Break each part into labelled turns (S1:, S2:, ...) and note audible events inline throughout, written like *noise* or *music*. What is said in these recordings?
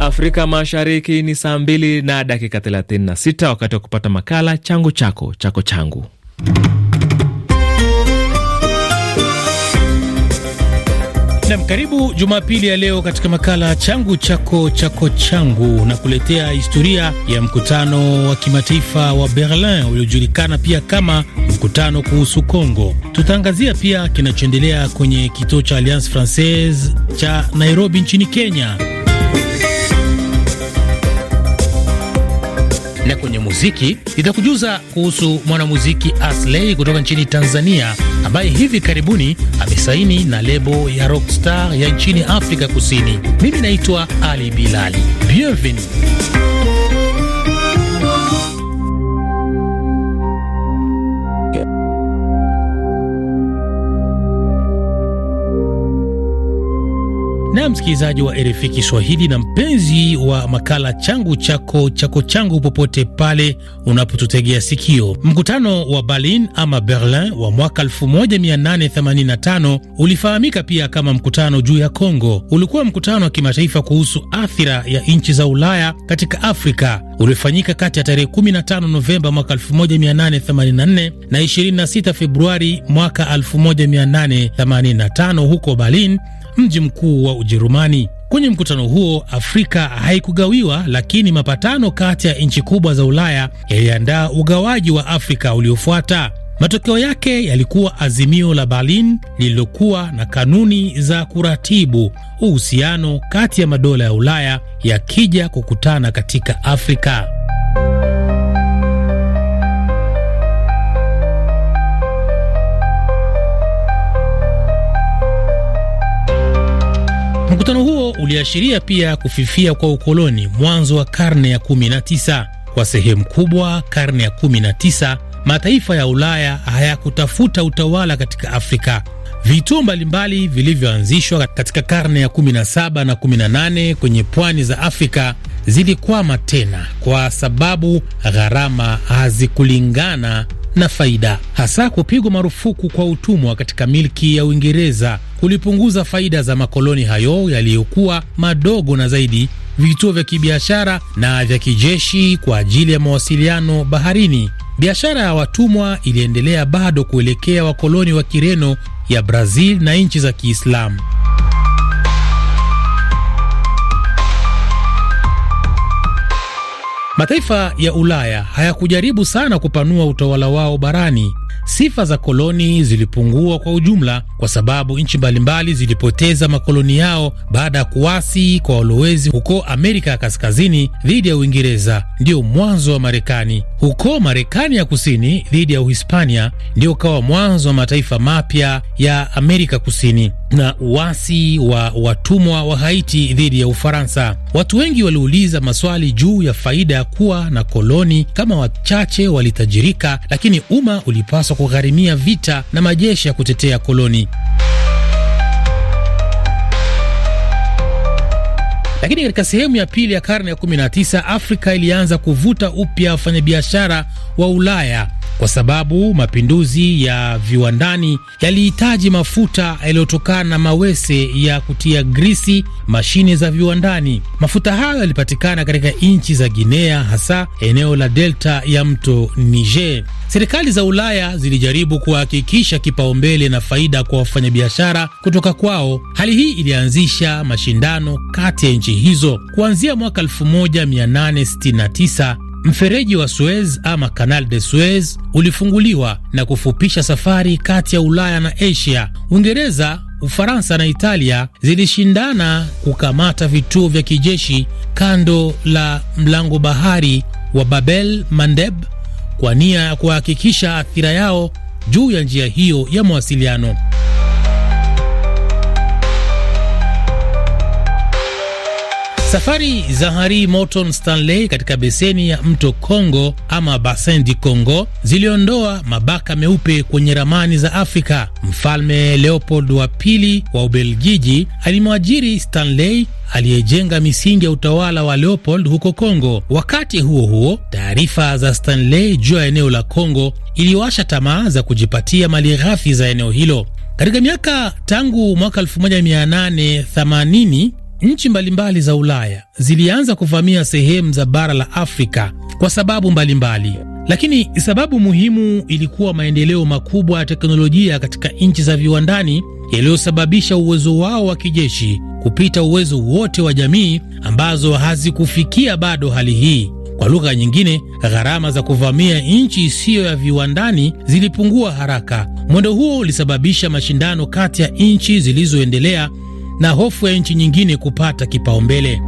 S1: Afrika Mashariki ni saa 2 na dakika 36, wakati wa kupata makala changu chako chako changu. Nam, karibu Jumapili ya leo katika makala changu chako chako changu, na kuletea historia ya mkutano wa kimataifa wa Berlin uliojulikana pia kama mkutano kuhusu Kongo. Tutaangazia pia kinachoendelea kwenye kituo cha Alliance Francaise cha Nairobi nchini Kenya. na kwenye muziki nitakujuza kuhusu mwanamuziki Asley kutoka nchini Tanzania ambaye hivi karibuni amesaini na lebo ya Rockstar ya nchini Afrika Kusini. Mimi naitwa Ali Bilali. Bienvenue. na msikilizaji wa RFI Kiswahili na mpenzi wa makala changu chako chako changu, popote pale unapotutegea sikio. Mkutano wa Berlin ama Berlin wa mwaka 1885 ulifahamika pia kama mkutano juu ya Kongo. Ulikuwa mkutano wa kimataifa kuhusu athira ya nchi za Ulaya katika Afrika uliofanyika kati ya tarehe 15 Novemba mwaka 1884 na 26 Februari mwaka 1885 huko Berlin mji mkuu wa Ujerumani. Kwenye mkutano huo Afrika haikugawiwa, lakini mapatano kati ya nchi kubwa za Ulaya yaliandaa ugawaji wa Afrika uliofuata. Matokeo yake yalikuwa azimio la Berlin lililokuwa na kanuni za kuratibu uhusiano kati ya madola ya Ulaya yakija kukutana katika Afrika. Mkutano huo uliashiria pia kufifia kwa ukoloni mwanzo wa karne ya 19. Kwa sehemu kubwa, karne ya 19 mataifa ya Ulaya hayakutafuta utawala katika Afrika. Vituo mbalimbali vilivyoanzishwa katika karne ya 17 na 18 kwenye pwani za Afrika zilikwama tena kwa sababu gharama hazikulingana na faida, hasa kupigwa marufuku kwa utumwa katika milki ya Uingereza kulipunguza faida za makoloni hayo yaliyokuwa madogo na zaidi vituo vya kibiashara na vya kijeshi kwa ajili ya mawasiliano baharini. Biashara ya watumwa iliendelea bado kuelekea wakoloni wa Kireno ya Brazil na nchi za Kiislamu. Mataifa ya Ulaya hayakujaribu sana kupanua utawala wao barani. Sifa za koloni zilipungua kwa ujumla, kwa sababu nchi mbalimbali zilipoteza makoloni yao baada ya kuwasi kwa walowezi huko Amerika ya Kaskazini dhidi ya Uingereza, ndiyo mwanzo wa Marekani. Huko Marekani ya Kusini dhidi ya Uhispania, ndiyo ukawa mwanzo wa mataifa mapya ya Amerika Kusini na uasi wa watumwa wa Haiti dhidi ya Ufaransa. Watu wengi waliuliza maswali juu ya faida ya kuwa na koloni kama wachache walitajirika, lakini umma ulipaswa kugharimia vita na majeshi ya kutetea koloni. Lakini katika sehemu ya pili ya karne ya 19 Afrika ilianza kuvuta upya wafanyabiashara wa Ulaya kwa sababu mapinduzi ya viwandani yalihitaji mafuta yaliyotokana na mawese ya kutia grisi mashine za viwandani. Mafuta hayo yalipatikana katika nchi za Guinea, hasa eneo la delta ya mto Niger. Serikali za Ulaya zilijaribu kuhakikisha kipaumbele na faida kwa wafanyabiashara kutoka kwao. Hali hii ilianzisha mashindano kati ya nchi hizo kuanzia mwaka 1869 Mfereji wa Suez ama Canal de Suez ulifunguliwa na kufupisha safari kati ya Ulaya na Asia. Uingereza, Ufaransa na Italia zilishindana kukamata vituo vya kijeshi kando la mlango bahari wa Babel Mandeb kwa nia ya kuhakikisha athira yao juu ya njia hiyo ya mawasiliano. Safari za Harry Morton Stanley katika beseni ya mto Kongo ama Basin du Congo ziliondoa mabaka meupe kwenye ramani za Afrika. Mfalme Leopold wa pili wa Ubelgiji alimwajiri Stanley aliyejenga misingi ya utawala wa Leopold huko Kongo. Wakati huo huo, taarifa za Stanley juu ya eneo la Kongo iliwasha tamaa za kujipatia mali ghafi za eneo hilo. Katika miaka tangu mwaka 1880 Nchi mbalimbali za Ulaya zilianza kuvamia sehemu za bara la Afrika kwa sababu mbalimbali mbali. Lakini sababu muhimu ilikuwa maendeleo makubwa ya teknolojia katika nchi za viwandani yaliyosababisha uwezo wao wa kijeshi kupita uwezo wote wa jamii ambazo hazikufikia bado hali hii. Kwa lugha nyingine, gharama za kuvamia nchi isiyo ya viwandani zilipungua haraka. Mwendo huo ulisababisha mashindano kati ya nchi zilizoendelea na hofu ya nchi nyingine kupata kipaumbele.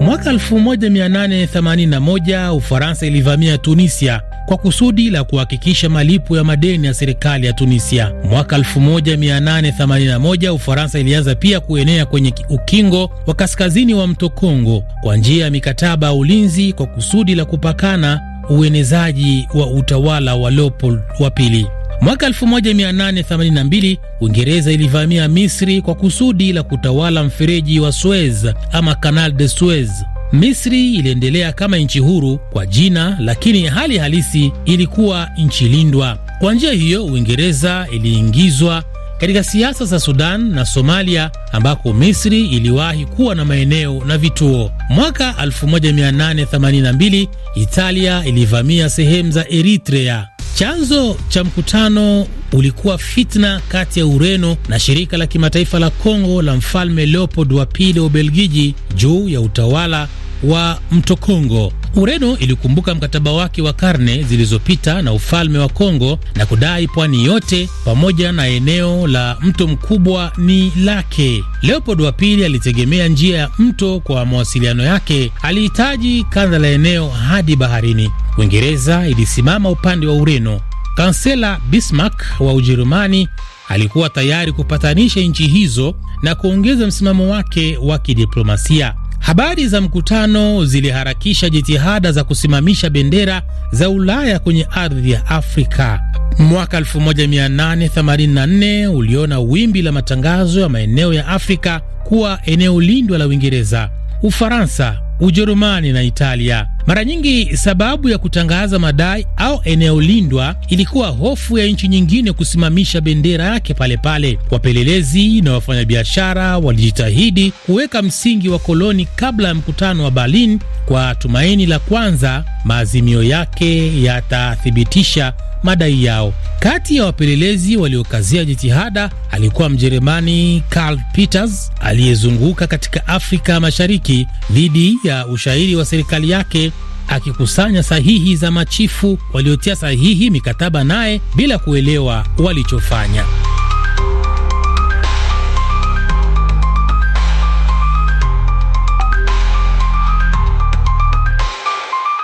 S1: Mwaka 1881 Ufaransa ilivamia Tunisia kwa kusudi la kuhakikisha malipo ya madeni ya serikali ya Tunisia. Mwaka 1881 Ufaransa ilianza pia kuenea kwenye ukingo wa kaskazini wa mto Kongo kwa njia ya mikataba ya ulinzi kwa kusudi la kupakana uenezaji wa utawala wa Leopold wa pili. Mwaka 1882 Uingereza ilivamia Misri kwa kusudi la kutawala mfereji wa Suez ama Canal de Suez. Misri iliendelea kama nchi huru kwa jina, lakini hali halisi ilikuwa nchi lindwa. Kwa njia hiyo, Uingereza iliingizwa katika siasa za Sudan na Somalia ambako Misri iliwahi kuwa na maeneo na vituo. Mwaka 1882 Italia ilivamia sehemu za Eritrea. Chanzo cha mkutano ulikuwa fitna kati ya Ureno na shirika la kimataifa la Kongo la mfalme Leopold wa pili wa Ubelgiji juu ya utawala wa mto Kongo. Ureno ilikumbuka mkataba wake wa karne zilizopita na ufalme wa Kongo na kudai pwani yote pamoja na eneo la mto mkubwa ni lake. Leopold wa pili alitegemea njia ya mto kwa mawasiliano yake, alihitaji kanda la eneo hadi baharini. Uingereza ilisimama upande wa Ureno. Kansela Bismarck wa Ujerumani alikuwa tayari kupatanisha nchi hizo na kuongeza msimamo wake wa kidiplomasia. Habari za mkutano ziliharakisha jitihada za kusimamisha bendera za Ulaya kwenye ardhi ya Afrika. Mwaka 1884 uliona wimbi la matangazo ya maeneo ya Afrika kuwa eneo lindwa la Uingereza, Ufaransa, Ujerumani na Italia. Mara nyingi sababu ya kutangaza madai au eneo lindwa ilikuwa hofu ya nchi nyingine kusimamisha bendera yake pale pale. Wapelelezi na wafanyabiashara walijitahidi kuweka msingi wa koloni kabla ya mkutano wa Berlin kwa tumaini la kwanza maazimio yake yatathibitisha madai yao. Kati ya wapelelezi waliokazia jitihada alikuwa Mjerumani Karl Peters aliyezunguka katika Afrika Mashariki dhidi ya ushairi wa serikali yake akikusanya sahihi za machifu waliotia sahihi mikataba naye bila kuelewa walichofanya.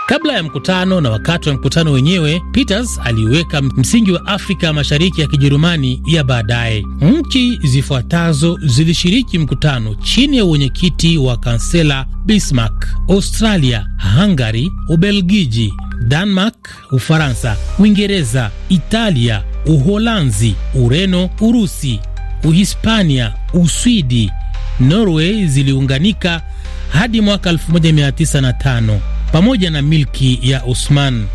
S1: Kabla ya mkutano na wakati wa mkutano wenyewe, Peters aliweka msingi wa Afrika Mashariki ya Kijerumani ya baadaye. Nchi zifuatazo zilishiriki mkutano chini ya uwenyekiti wa kansela Bismarck: Australia, Hungary, Ubelgiji, Denmark, Ufaransa, Uingereza, Italia, Uholanzi, Ureno, Urusi, Uhispania, Uswidi, Norway ziliunganika hadi mwaka 1905 pamoja na milki ya Osman.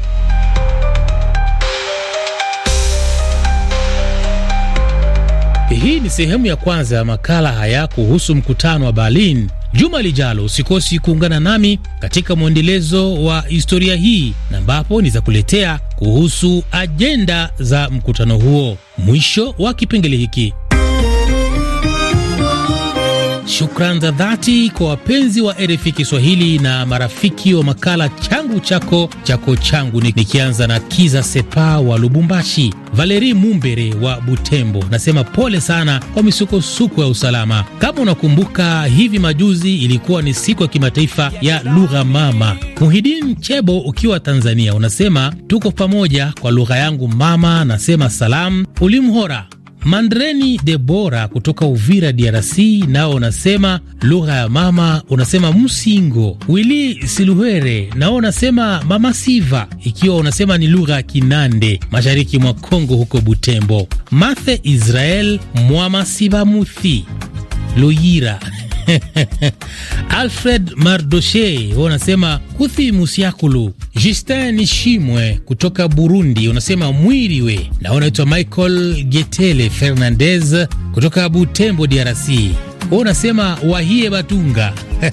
S1: Hii ni sehemu ya kwanza ya makala haya kuhusu mkutano wa Berlin. Juma lijalo usikosi kuungana nami katika mwendelezo wa historia hii na ambapo ni za kuletea kuhusu ajenda za mkutano huo. Mwisho wa kipengele hiki. Shukran za dhati kwa wapenzi wa RFI Kiswahili na marafiki wa makala changu chako chako changu, nikianza na Kiza Sepa wa Lubumbashi, Valeri Mumbere wa Butembo. Nasema pole sana kwa misukosuko ya usalama. Kama unakumbuka, hivi majuzi ilikuwa ni siku ya kimataifa ya lugha mama. Muhidin Chebo ukiwa Tanzania unasema tuko pamoja, kwa lugha yangu mama nasema salam ulimhora Mandreni Debora kutoka Uvira, DRC, nao unasema lugha ya mama, unasema Musingo. Wili Siluhere nao unasema mama Siva, ikiwa unasema ni lugha ya Kinande, mashariki mwa Kongo, huko Butembo. Mathe Israel Mwamasiva Muthi Luyira *laughs* Alfred Mardoshe unasema kuthi musiakulu. Justin Nishimwe kutoka Burundi unasema mwili we, na unaitwa Michael Getele Fernandez kutoka Butembo, DRC unasema wahie batunga *laughs*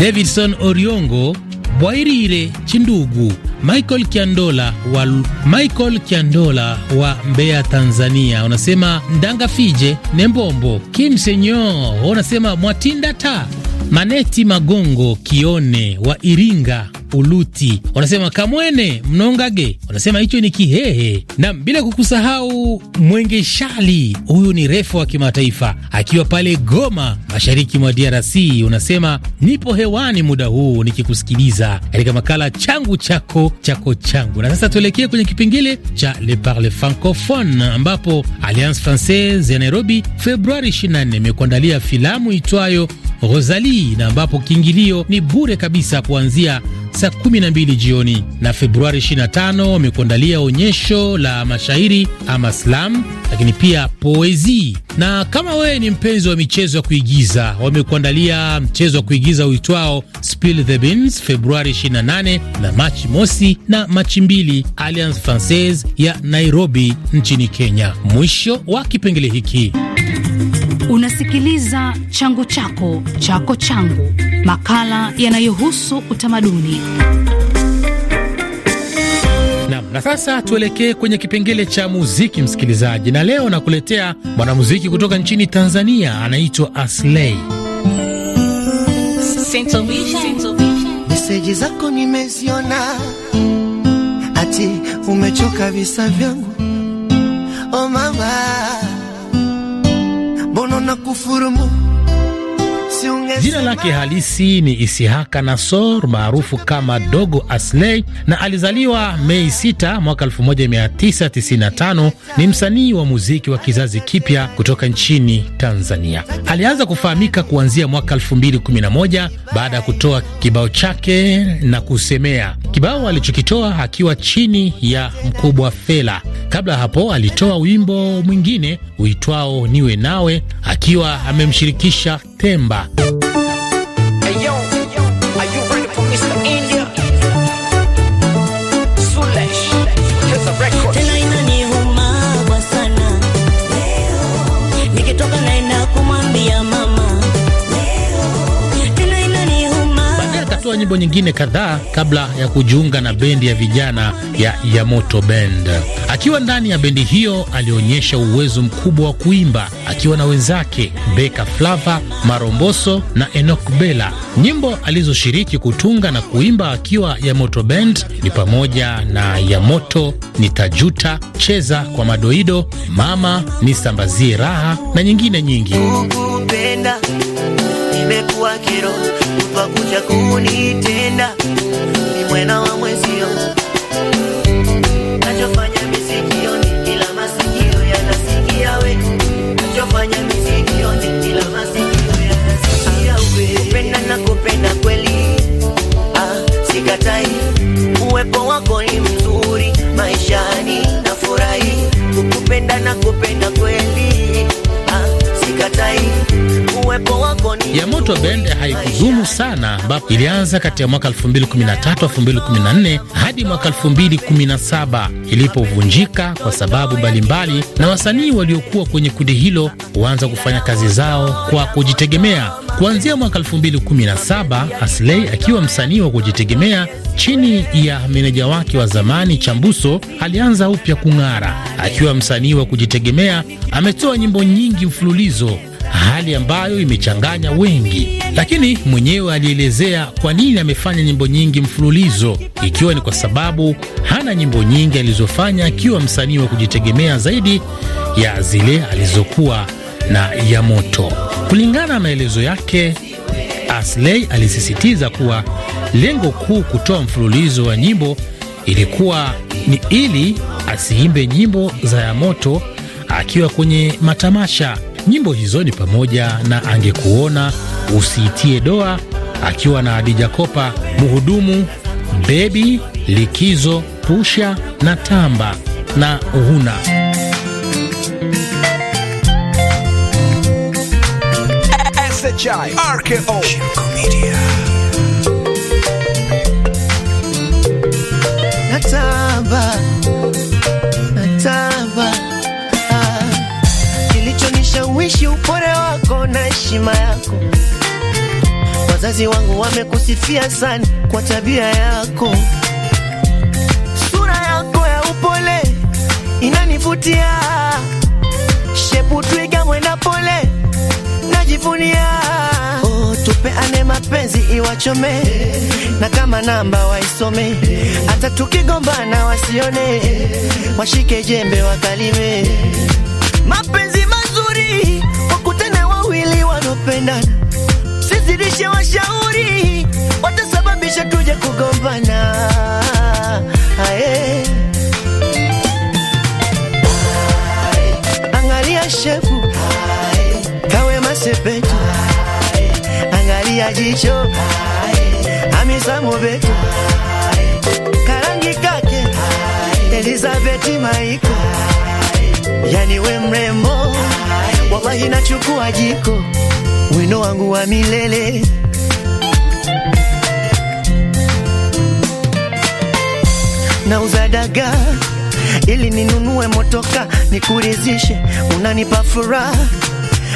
S1: Davidson Oriongo Bwairire Chindugu, Michael Kiandola wa, Michael Kiandola wa Mbeya Tanzania, unasema Ndangafije Nembombo Senyo, unasema Mwatinda ta Maneti Magongo Kione wa Iringa Puluti, wanasema kamwene mnongage, wanasema hicho ni Kihehe. Nam, bila kukusahau Mwengeshali, huyu ni refu wa kimataifa akiwa pale Goma, mashariki mwa DRC. Unasema nipo hewani muda huu nikikusikiliza katika makala changu chako chako changu. Na sasa tuelekee kwenye kipengele cha Le Parle Francophone, ambapo Alliance Francaise ya Nairobi Februari 24 imekuandalia filamu itwayo Rosalie na ambapo kiingilio ni bure kabisa kuanzia saa 12 jioni, na Februari 25 wamekuandalia onyesho la mashairi ama slam, lakini pia poezi. Na kama wewe ni mpenzi wa michezo ya kuigiza, wamekuandalia mchezo wa kuigiza uitwao Spill the Beans Februari 28 na Machi mosi na Machi mbili, Alliance Francaise ya Nairobi nchini Kenya. Mwisho wa kipengele hiki.
S2: Unasikiliza changu chako chako changu makala yanayohusu utamaduni.
S1: Nam, na sasa tuelekee kwenye kipengele cha muziki, msikilizaji, na leo nakuletea mwanamuziki kutoka nchini Tanzania anaitwa Aslay.
S3: Meseji zako nimeziona, ati umechoka visa vyangu. O mama, kufurumu nakufuru
S1: Jina lake halisi ni Isihaka Nasor maarufu kama Dogo Asley na alizaliwa Mei 6 mwaka 1995. Ni msanii wa muziki wa kizazi kipya kutoka nchini Tanzania. Alianza kufahamika kuanzia mwaka 2011 baada ya kutoa kibao chake na kusemea, kibao alichokitoa akiwa chini ya mkubwa Fela. Kabla hapo alitoa wimbo mwingine uitwao Niwe Nawe akiwa amemshirikisha Temba. nyimbo nyingine kadhaa kabla ya kujiunga na bendi ya vijana ya Yamoto Band. Akiwa ndani ya bendi hiyo, alionyesha uwezo mkubwa wa kuimba akiwa na wenzake Beka Flava, Maromboso na Enok Bela. Nyimbo alizoshiriki kutunga na kuimba akiwa Yamoto Band ni pamoja na Yamoto Nitajuta, Cheza kwa Madoido, Mama Nisambazie Raha na nyingine nyingi.
S3: Kukupenda imekuwa kero kwa kuja kunitenda, ni mwana wa mwezio, nachofanya misikioni, kila masikio yanasikia we, nachofanya misikioni, kila masikio yanasikia we, kupenda na kupenda kweli, ah, sikatai, uwepo wako ni mzuri maishani, nafurahi kukupenda na kupenda
S1: kweli Mvuto Bend haikudumu sana, ambapo ilianza kati ya mwaka 2013 2014 hadi mwaka 2017 ilipovunjika kwa sababu mbalimbali, na wasanii waliokuwa kwenye kundi hilo huanza kufanya kazi zao kwa kujitegemea. Kuanzia mwaka 2017 Asley akiwa msanii wa kujitegemea chini ya meneja wake wa zamani Chambuso alianza upya kung'ara. Akiwa msanii wa kujitegemea ametoa nyimbo nyingi mfululizo hali ambayo imechanganya wengi, lakini mwenyewe alielezea kwa nini amefanya nyimbo nyingi mfululizo, ikiwa ni kwa sababu hana nyimbo nyingi alizofanya akiwa msanii wa kujitegemea zaidi ya zile alizokuwa na ya moto. Kulingana na maelezo yake, Asley alisisitiza kuwa lengo kuu kutoa mfululizo wa nyimbo ilikuwa ni ili asiimbe nyimbo za Yamoto akiwa kwenye matamasha Nyimbo hizo ni pamoja na Angekuona, Usiitie Doa akiwa na Adija Kopa, Mhudumu, Bebi, Likizo, Pusha na Tamba na Huna.
S3: heshima yako. Wazazi wangu wamekusifia sana kwa tabia yako, sura yako ya upole inanivutia, shepu twiga mwenda pole najivunia. Oh, tupeane mapenzi iwachome, na kama namba waisome, hata tukigombana wasione, washike jembe wakalime, mapenzi wawili wanaopendana, sizidishe washauri, watasababisha tuje kugombana. Ae, angalia shefu kawe masepetu, angalia jicho amisa Mobeto, karangi kake Elizabeth Maiko, yani we mrembo wallahi, nachukua jiko wino wangu wa milele. Nauza daga ili ninunue motoka nikurizishe, unanipa furaha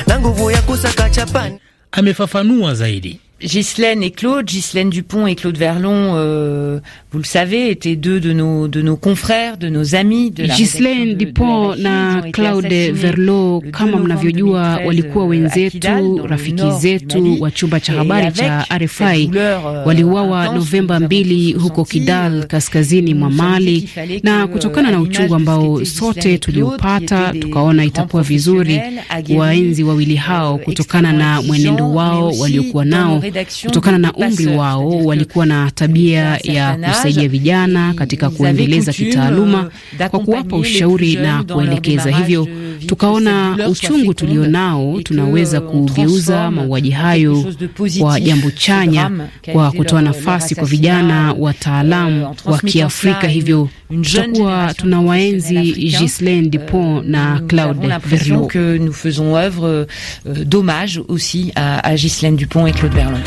S3: na nguvu ya kusaka chapani.
S1: Amefafanua zaidi.
S2: Ghislaine et Claude, Ghislaine Dupont et Claude Verlon, euh, vous le savez, étaient deux de nos de nos confrères, de nos amis de la de, Dupont de, na Claude Verlon kama mnavyojua walikuwa wenzetu, rafiki zetu wa chumba cha habari cha RFI. Euh, waliuawa Novemba mbili huko Kidal euh, kaskazini mwa Mali, na euh, kutokana na uchungu ambao sote tuliupata, tukaona itakuwa vizuri waenzi wawili hao euh, kutokana na mwenendo wao waliokuwa nao Kutokana na umri wao, walikuwa na tabia ya kusaidia vijana katika kuendeleza kitaaluma euh, kwa kuwapa ushauri na kuelekeza. Hivyo tukaona uchungu tulionao tunaweza euh, kugeuza mauaji hayo kwa jambo chanya, kwa kutoa nafasi kwa vijana wataalamu euh, wa Kiafrika hivyo tutakuwa tunawaenzi Dupont euh, que nous faisons œuvre euh, d'hommage aussi à, Dupont et Claude Verlon.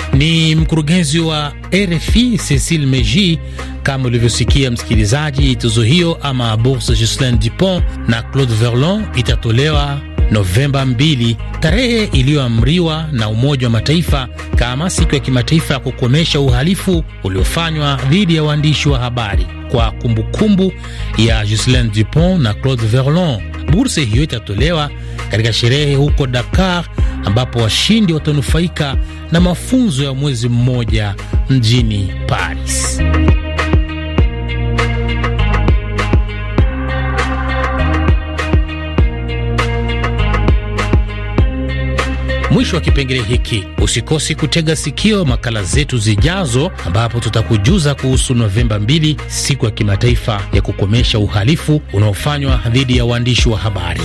S1: Novemba 2, tarehe iliyoamriwa na Umoja wa Mataifa kama siku ya kimataifa ya kukomesha uhalifu uliofanywa dhidi ya waandishi wa habari kwa kumbukumbu kumbu ya juselin Dupont na Claude Verlon. Bursa hiyo itatolewa katika sherehe huko Dakar ambapo washindi watanufaika na mafunzo ya mwezi mmoja mjini Paris. mwisho wa kipengele hiki. Usikosi kutega sikio makala zetu zijazo, ambapo tutakujuza kuhusu Novemba mbili, siku ya kimataifa ya kukomesha uhalifu unaofanywa dhidi ya waandishi wa habari.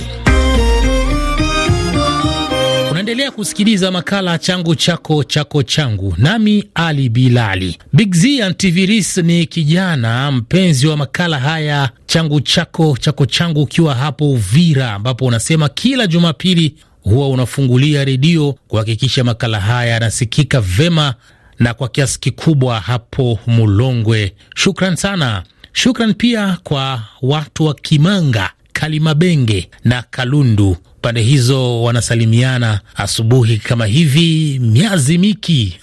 S1: Endelea kusikiliza makala changu chako chako changu, nami Ali Bilali. Big Z Antivirus ni kijana mpenzi wa makala haya changu chako chako changu, ukiwa hapo Uvira ambapo unasema kila Jumapili huwa unafungulia redio kuhakikisha makala haya yanasikika vema na kwa kiasi kikubwa hapo Mulongwe. Shukran sana. Shukran pia kwa watu wa Kimanga Kalimabenge na Kalundu. Pande hizo wanasalimiana asubuhi kama hivi, miazi miki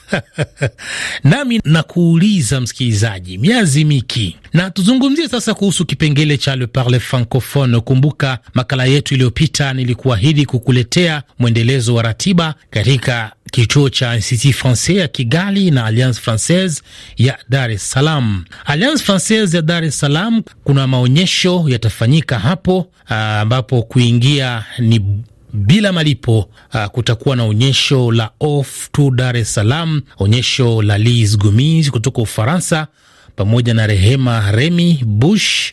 S1: *laughs* nami nakuuliza msikilizaji, miazi miki, na tuzungumzie sasa kuhusu kipengele cha Le Parle Francophone. Kumbuka makala yetu iliyopita, nilikuahidi kukuletea mwendelezo wa ratiba katika kituo cha NCT Francais ya Kigali na Alliance Francaise ya Dar es Salaam. Alliance Francaise ya Dar es Salaam, kuna maonyesho yatafanyika hapo ah, ambapo kuingia ni bila malipo. Uh, kutakuwa na onyesho la Off to Dar es Salaam, onyesho la Lise Gomis kutoka Ufaransa pamoja na Rehema Remy Bush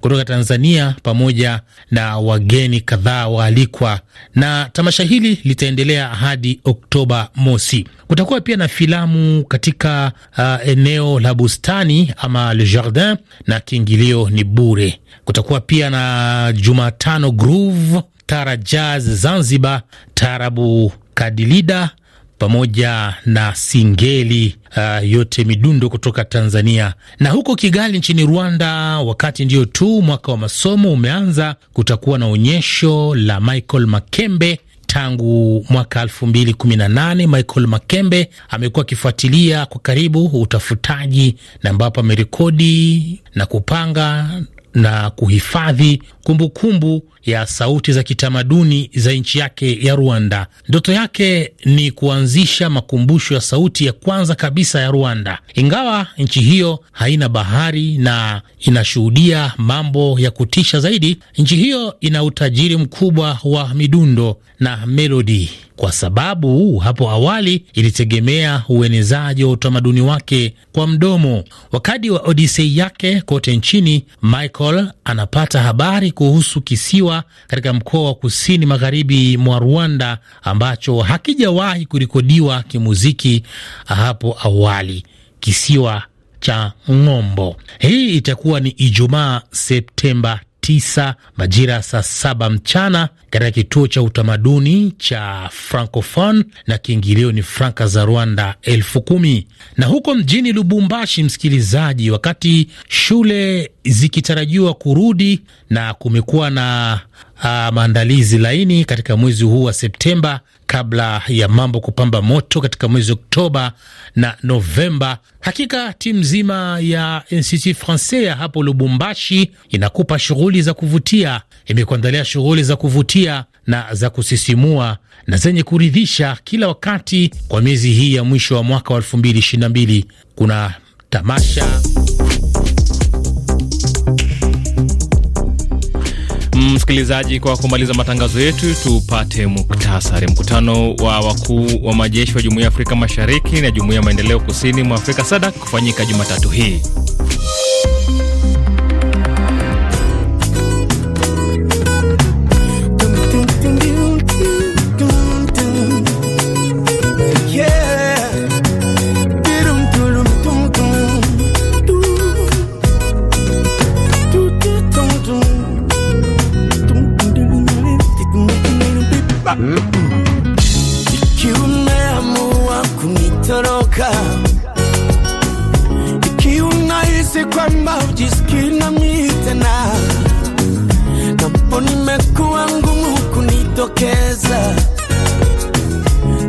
S1: kutoka Tanzania pamoja na wageni kadhaa waalikwa, na tamasha hili litaendelea hadi Oktoba mosi. Kutakuwa pia na filamu katika uh, eneo la bustani ama Le Jardin, na kiingilio ni bure. Kutakuwa pia na Jumatano Groove, Tara Jazz Zanzibar, Tarabu Kadilida pamoja na singeli uh, yote midundo kutoka Tanzania. Na huko Kigali nchini Rwanda, wakati ndio tu mwaka wa masomo umeanza, kutakuwa na onyesho la Michael Makembe. Tangu mwaka 2018 Michael Makembe amekuwa akifuatilia kwa karibu utafutaji na ambapo amerekodi na kupanga na kuhifadhi kumbukumbu ya sauti za kitamaduni za nchi yake ya Rwanda. Ndoto yake ni kuanzisha makumbusho ya sauti ya kwanza kabisa ya Rwanda. Ingawa nchi hiyo haina bahari na inashuhudia mambo ya kutisha zaidi, nchi hiyo ina utajiri mkubwa wa midundo na melodi kwa sababu hapo awali ilitegemea uenezaji wa utamaduni wake kwa mdomo. Wakati wa odisei yake kote nchini, Michael anapata habari kuhusu kisiwa katika mkoa wa kusini magharibi mwa Rwanda ambacho hakijawahi kurikodiwa kimuziki hapo awali, kisiwa cha Ng'ombo. Hii itakuwa ni Ijumaa Septemba tisa majira ya saa saba mchana katika kituo cha utamaduni cha Francophone na kiingilio ni franka za Rwanda elfu kumi. Na huko mjini Lubumbashi, msikilizaji, wakati shule zikitarajiwa kurudi na kumekuwa na uh, maandalizi laini katika mwezi huu wa Septemba kabla ya mambo kupamba moto katika mwezi Oktoba na Novemba. Hakika timu nzima ya Institut Francais ya hapo Lubumbashi inakupa shughuli za kuvutia, imekuandalia shughuli za kuvutia na za kusisimua na zenye kuridhisha kila wakati kwa miezi hii ya mwisho wa mwaka wa 2022 kuna tamasha Msikilizaji, kwa kumaliza matangazo yetu, tupate muktasari. Mkutano wa wakuu wa majeshi wa Jumuiya ya Afrika Mashariki na Jumuiya ya Maendeleo Kusini mwa Afrika SADAK kufanyika Jumatatu hii.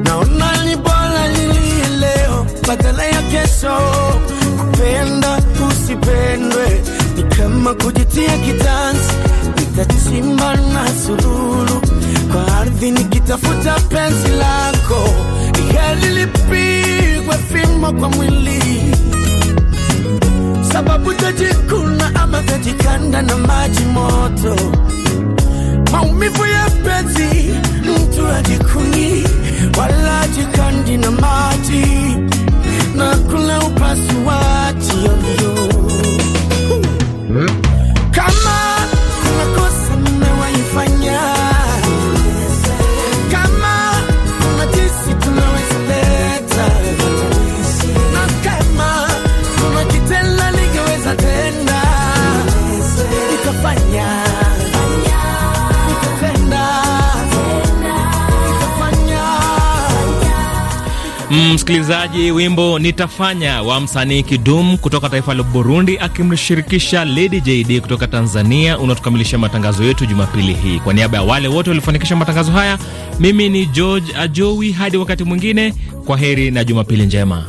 S3: naona ni bora lili leo badala ya kesho. Kupenda usipendwe ni kama kujitia kitanzi, nitachimba na sururu kwa ardhi nikitafuta penzi lako, heli lipigwe fimbo kwa mwili sababu tajikuna ama tajikanda na maji moto maumivu ya penzi, mtu ajikuni wala ajikandi na maji na kula upasuaji ovyo hmm?
S1: msikilizaji, wimbo nitafanya wa msanii Kidum kutoka taifa la Burundi akimshirikisha Lady JD kutoka Tanzania unatukamilisha matangazo yetu Jumapili hii. Kwa niaba ya wale wote waliofanikisha matangazo haya, mimi ni George Ajowi. Hadi wakati mwingine, kwa heri na Jumapili njema.